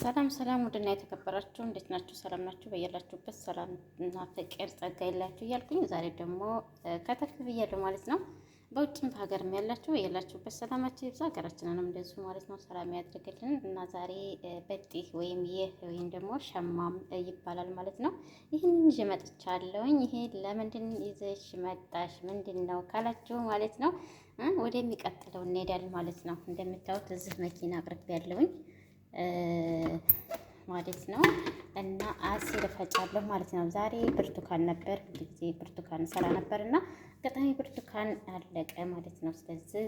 ሰላም ሰላም፣ ውድና የተከበራችሁ እንዴት ናችሁ? ሰላም ናችሁ? በያላችሁበት ሰላም እና ፍቅር ጸጋ የላችሁ እያልኩኝ ዛሬ ደግሞ ከተፍ ብያለሁ ማለት ነው። በውጭም በሀገርም ያላችሁ በያላችሁበት ሰላማችሁ ይብዛ፣ ሀገራችንንም እንደዚሁ ማለት ነው ሰላም ያድርግልን እና ዛሬ በጢህ ወይም ይህ ወይም ደግሞ ሸማም ይባላል ማለት ነው። ይህን ይዤ መጥቻለሁኝ። ይሄ ለምንድን ይዘሽ መጣሽ ምንድን ነው ካላችሁ ማለት ነው ወደሚቀጥለው እንሄዳለን ማለት ነው። እንደምታዩት እዚህ መኪና አቅርቤ ያለውኝ ማለት ነው። እና አሲር እፈጫለሁ ማለት ነው። ዛሬ ብርቱካን ነበር፣ ሁልጊዜ ብርቱካን ሰራ ነበር እና ገጣሚ ብርቱካን አለቀ ማለት ነው። ስለዚህ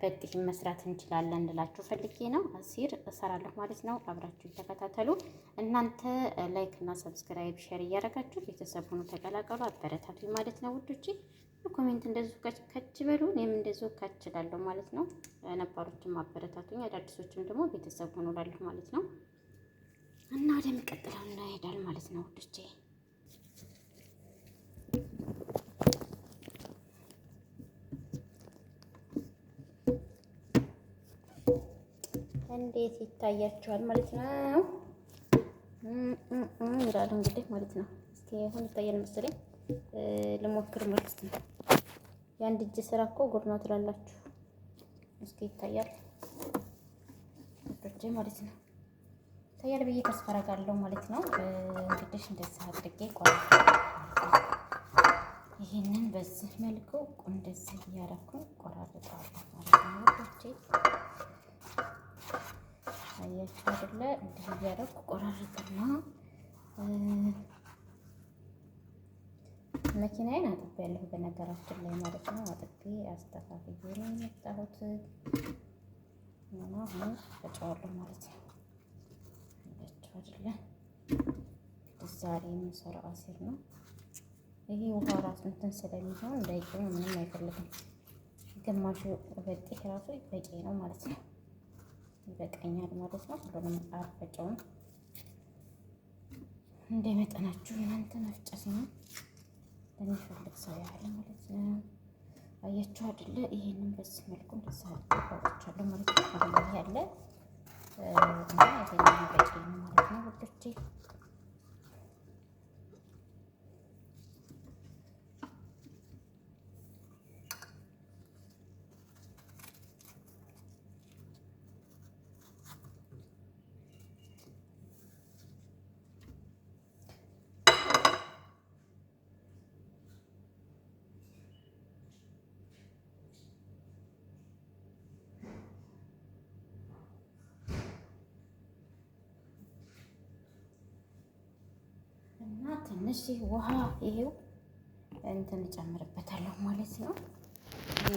በእቅድ መስራት እንችላለን እንላችሁ ፈልጌ ነው። አሲር እሰራለሁ ማለት ነው። አብራችሁ ተከታተሉ። እናንተ ላይክ እና ሰብስክራይብ ሼር እያደረጋችሁ ቤተሰብ ሆኑ ተቀላቀሉ፣ አበረታቱ ማለት ነው ውዶቼ። ኮሜንት እንደዚሁ ከች በሉ፣ እኔም እንደዚሁ ከች እላለሁ ማለት ነው። ነባሮችም አበረታቱኝ፣ አዳዲሶችም ደግሞ ቤተሰብ ሆኑ እላለሁ ማለት ነው። እና ወደ ሚቀጥለው እንሄዳለን ማለት ነው ውዶቼ። እንዴት ይታያችኋል ማለት ነው። ይላሉ እንግዲህ ማለት ነው። እስኪ አሁን ይታያል መሰለኝ ልሞክር ማለት ነው። የአንድ እጅ ስራ እኮ ጉድ ነው ትላላችሁ። እስኪ ይታያል ወጥቼ ማለት ነው። ይታያል ብዬ ተስፋ አደርጋለሁ ማለት ነው። እንግዲህ እንደዚህ አድርጌ ቆይ ይህንን በዚህ መልኩ እንደዚህ እያደረኩ ቆራርጠዋለሁ ማለት ነው። አያችሁ አይደለ? እንዲህ እያደረኩ ቆራርጥና መኪናዬን አጥቤ ያለሁ በነገራችን ላይ ማለት ነው። አጥቤ አስተካክዬ ነው የመጣሁት እና አሁን ማለት ነው። አያችሁ አይደለ? ዛሬ የምሰራው አሲር ነው። ይሄ ውሃ ራሱ እንትን ስለሚሆን እንዳይቅም ምንም አይፈልግም። ግማሹ ራሱ በቂ ነው ማለት ነው። ይበቃኛል ማለት ነው። ሁሉንም አልፈጨውም። እንደ መጠናችሁ እናንተ መፍጨት ነው ለሚፈልግ ሰው ያህል ማለት ነው። አያችሁ አይደለ? ይሄንን በዚህ መልኩ እንደሳቸዋለሁ ማለት ነው። አሁን ያለ እና ይሄንን በቂ ነው ማለት ነው ውዶቼ እና ትንሽ ውሃ ይሄው እንትን እጨምርበታለሁ ማለት ነው።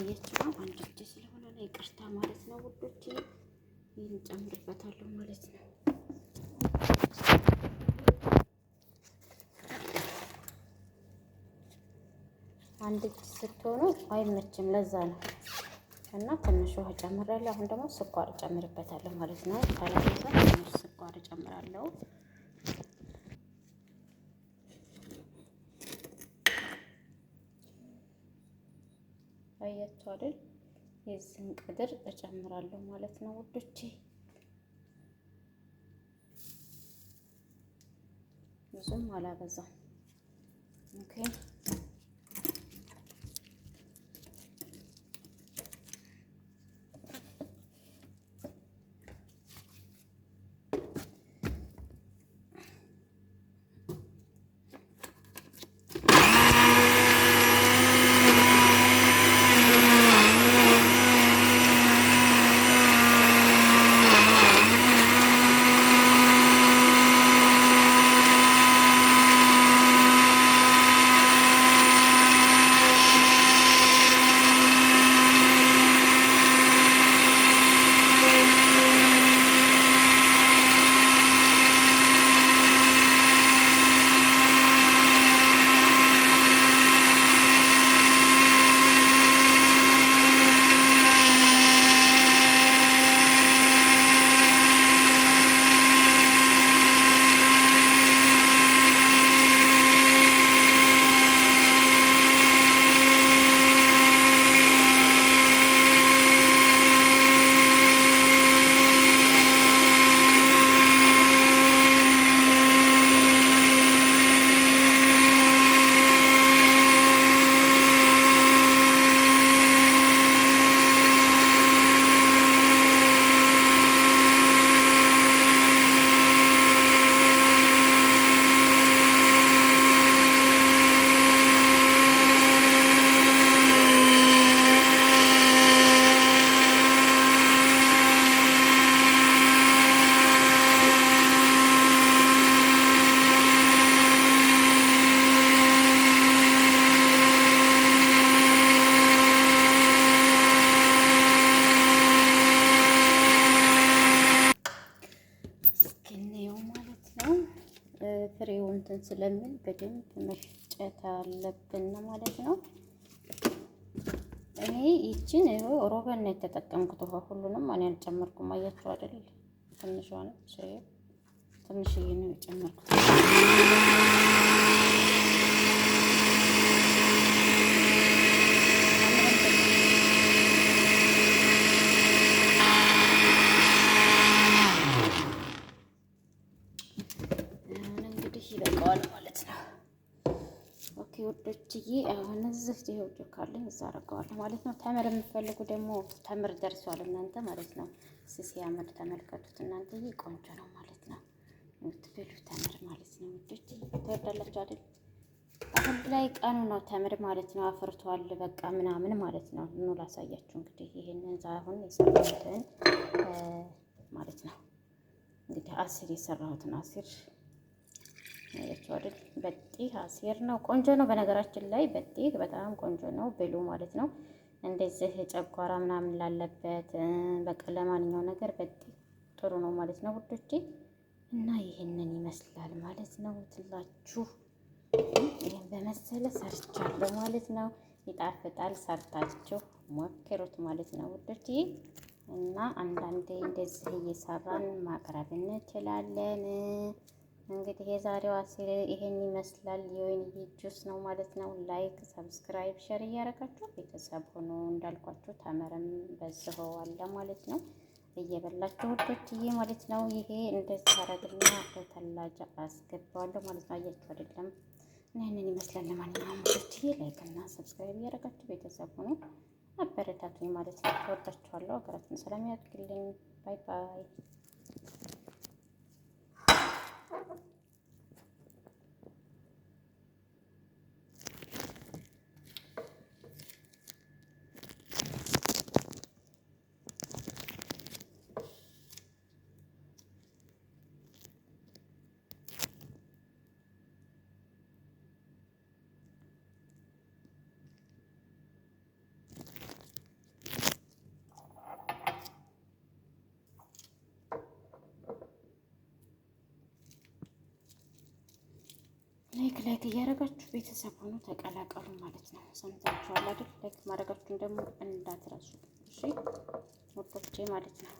የችዋ አንድ እጅ ስለሆነ ነው ይቅርታ ማለት ነው ውዶች። ይህን እጨምርበታለሁ ማለት ነው። አንድ እጅ ስትሆኑ አይመችም፣ ለዛ ነው እና ትንሽ ውሃ ጨምራለሁ። አሁን ደግሞ ስኳር እጨምርበታለሁ ማለት ነው። ካላሳ ትንሽ ስኳር እጨምራለሁ። አያችሁ አይደል? የዚህን ቅድር እጨምራለሁ ማለት ነው ውዶቼ። ብዙም አላበዛም። ኦኬ እንትን ስለሚል በደንብ መፍጨት አለብን ማለት ነው። እኔ ይችን ይኸው ሮበን ነው የተጠቀምኩት። ውሃ ሁሉንም እኔ አልጨመርኩም። አያችሁ አይደል? ትንሿን ትንሽዬ ነው የጨመርኩት። ብዬ አሁን እዚህ ዲዮዶ ካለኝ እዛ አደርገዋለሁ ማለት ነው። ተምር የምትፈልጉ ደግሞ ተምር ደርሷል እናንተ ማለት ነው። ሲያምር ተመልከቱት እናንተ ቆንጆ ነው ማለት ነው። የምትበሉ ተምር ማለት ነው። ውዶች ትወዳላችሁ አይደል? አሁን ላይ ቀኑ ነው ተምር ማለት ነው። አፍርቷል በቃ ምናምን ማለት ነው። ኑ ላሳያችሁ እንግዲህ ይሄንን አሁን የሰራሁትን ማለት ነው። እንግዲህ አሲር የሰራሁትን አሲር አያችሁ አይደል? በጢህ አሴር ነው። ቆንጆ ነው። በነገራችን ላይ በጢህ በጣም ቆንጆ ነው። ብሉ ማለት ነው። እንደዚህ ጨጓራ ምናምን ላለበት በቃ ለማንኛው ነገር በጢህ ጥሩ ነው ማለት ነው ውዶቼ። እና ይህንን ይመስላል ማለት ነው ትላችሁ። ይህን በመሰለ ሰርቻለሁ ማለት ነው። ይጣፍጣል። ሰርታችሁ ሞክሩት ማለት ነው ውዶቼ። እና አንዳንዴ እንደዚህ እየሰራን ማቅረብ እንችላለን። እንግዲህ የዛሬው አሲር ይሄን ይመስላል። የወይንዬ ጁስ ነው ማለት ነው። ላይክ፣ ሰብስክራይብ፣ ሼር እያደረጋችሁ ቤተሰብ ሆኖ እንዳልኳችሁ ተመረም አለ ማለት ነው። እየበላችሁ ይሄ ማለት ነው። ይሄ እንደዚህ አረግና ተላጃ አስገባዋለሁ ማለት ነው። አያችሁ አይደለም እና ይህንን ይመስላል። ለማንኛውም ይሄ ላይክ እና ሰብስክራይብ እያደረጋችሁ ቤተሰብ ሆኖ አበረታቱኝ ማለት ነው። ተወዳችኋለሁ። ሀገራችን ሰላም ያድርግልኝ። ባይ ባይ። ላይክ ላይክ እያደረጋችሁ ቤተሰብ ሆኖ ተቀላቀሉ ማለት ነው። ሰምታችኋል አይደል? ላይክ ማድረጋችሁን ደግሞ እንዳትረሱ እሺ፣ ወዶቼ ማለት ነው።